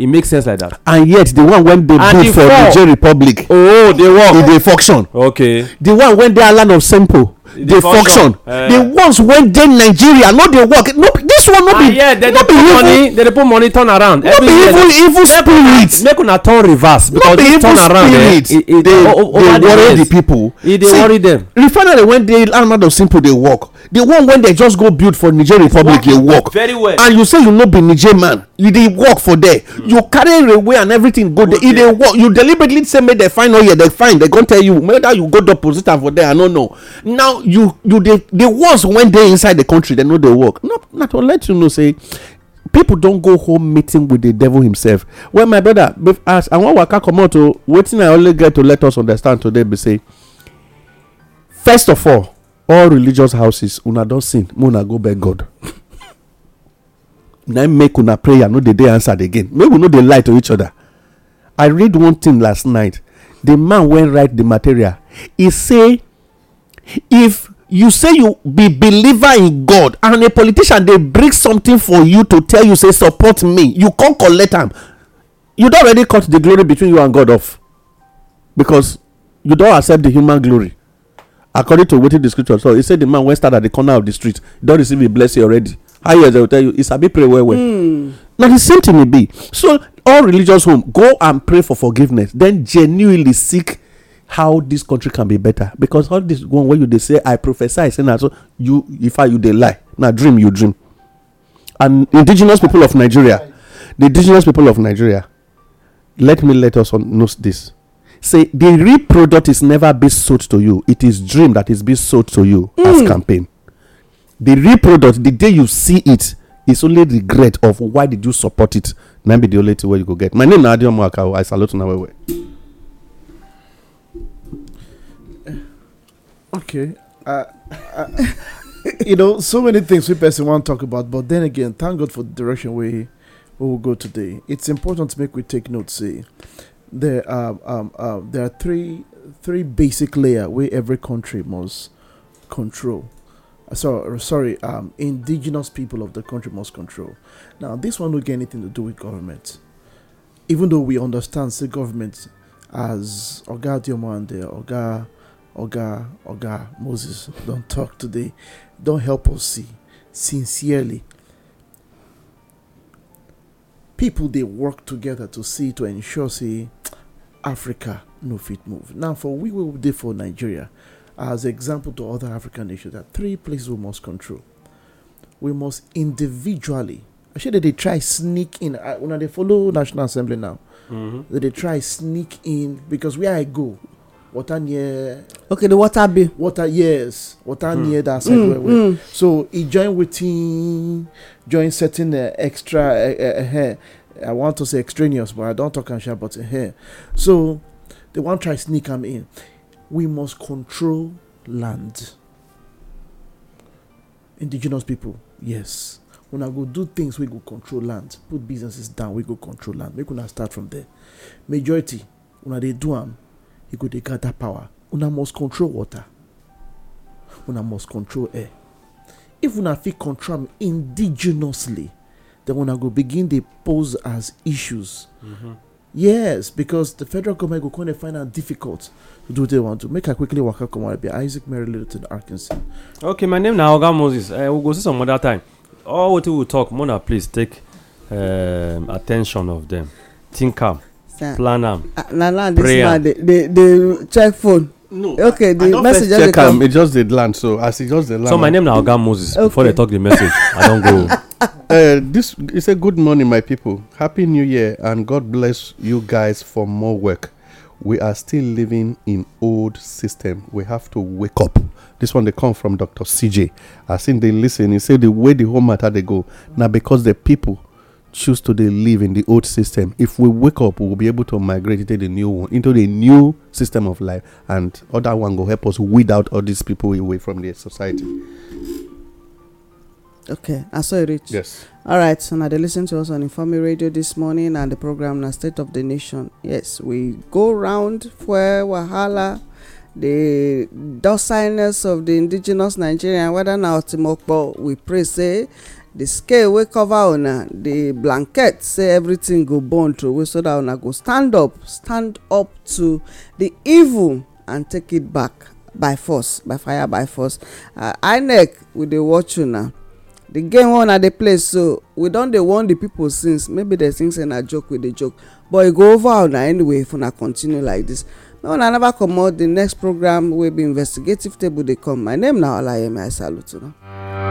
e make sense like that. and yet the one wey dey build for niger republic oh dey work e dey function okay the one wey dey island of simple dey function eh. the ones wey dey nigeria no dey work No, this one no ah, be be money they dey put money turn around no be evil evil spirit make una turn reverse because this turn around eh e dey worry the people e dey worry dem refinery wey dey land of simple dey work the one wey dey just go build for niger republic dey work very well. and you say you no be niger man you dey work for there hmm. you carry railway and everything go there e dey work you deliberately say make dem find oil oh dem find dem come tell you whether you go deposit am for there i no know now you you dey the ones wey dey inside the country dem no dey work no na to let you know say people don go home meeting with the devil himself well my brother as i wan waka comot o oh, wetin i only get to let us understand today be say first of all all religious houses una don sin make una go beg god. [LAUGHS] na make una prayer no dey dey answered again make we no dey lie to each other i read one thing last night the man wey write the material He say if you say you be believer in god and a politician dey bring something for you to tell you say support me you come collect am you don already cut the glory between you and god off because you don accept the human glory according to wetin the scripture talk he say the man wey stand at the corner of the street don receive a blessing already how years they will tell you it's a sabi pray well well mm. na the same thing e be so all religious home go and pray for forgiveness then genuinely seek how this country can be better because all this one wey you dey say i prophesy say na so you if i you dey lie na dream you dream and indigenous people of nigeria the indigenous people of nigeria let me let us know this say the real product is never be sold to you it is dream that is be sold to you mm. as hmm. campaign the real product the day you see it is only regret of why did you support it Maybe the only thing you go get my name na adeomo akawo i salute una well well. okay uh, uh, [LAUGHS] you know so many things we person want to talk about but then again thank god for the direction we we will go today it's important to make we take note say there are um, uh, there are three three basic layer where every country must control so sorry um, indigenous people of the country must control now this one don't get anything to do with government even though we understand the government as oga diomo and oga oga oga moses don't talk today don't help us see sincerely people they work together to see to ensure say africa no fit move now for we will be for nigeria as example to other African nations. that three places we must control. We must individually. Actually, they try sneak in. Uh, when they follow National Assembly now, mm-hmm. they try sneak in because where I go, water near. Okay, the water be Water yes, water mm. near that hmm, side. Mm, where, mm. So he join him, join certain uh, extra. Uh, uh, uh eh, I want to say extraneous, but I don't talk and share about here. Uh, eh. So they want try sneak him in we must control land. Indigenous people, yes. When I go do things, we go control land. Put businesses down, we go control land. Make not start from there. Majority, when they do am, he go they gather power. I must control water. I must control air. If I feel control indigenously, then I go begin they pose as issues. Mm-hmm. Yes, because the federal government will kind of find it difficult to do what they want to. Make I quickly walk up, come on, be Isaac Mary Littleton, Arkansas. Okay, my name now Oga Moses. Uh, we'll go see some other time. All what we will talk, Mona, please take um, attention of them. Think am, plan am, uh, nah, nah, this pray am. Man, they, they, check phone no okay the message just dey come it just dey land so as e just dey land so my name na oga moses before they talk the message i don go [LAUGHS] uh, this is a good morning my people happy new year and god bless you guys for more work we are still living in old system we have to wake up this one dey come from dr cj as him dey listen he say the way the whole matter dey go na because the people choose to live in the old system. If we wake up, we'll be able to migrate into the new one, into the new system of life, and other one will help us weed out all these people away from the society. Okay, I saw it reach. Yes. All right, so now they listen to us on Informe Radio this morning and the program the State of the Nation. Yes, we go round for Wahala, the docileness of the indigenous Nigerian, whether now Timokbo, we pray say the scale wey cover una the blanket say everything go burn throway so that una go stand up stand up to the evil and take it back by force by fire by force uh, inec we dey watch una the game wey una dey play so we don dey warn the people since maybe dem think say na joke we dey joke but e go over una anyway if una continue like this make una never comot the next program wey be investigative table dey come my name na olayemi i salute una.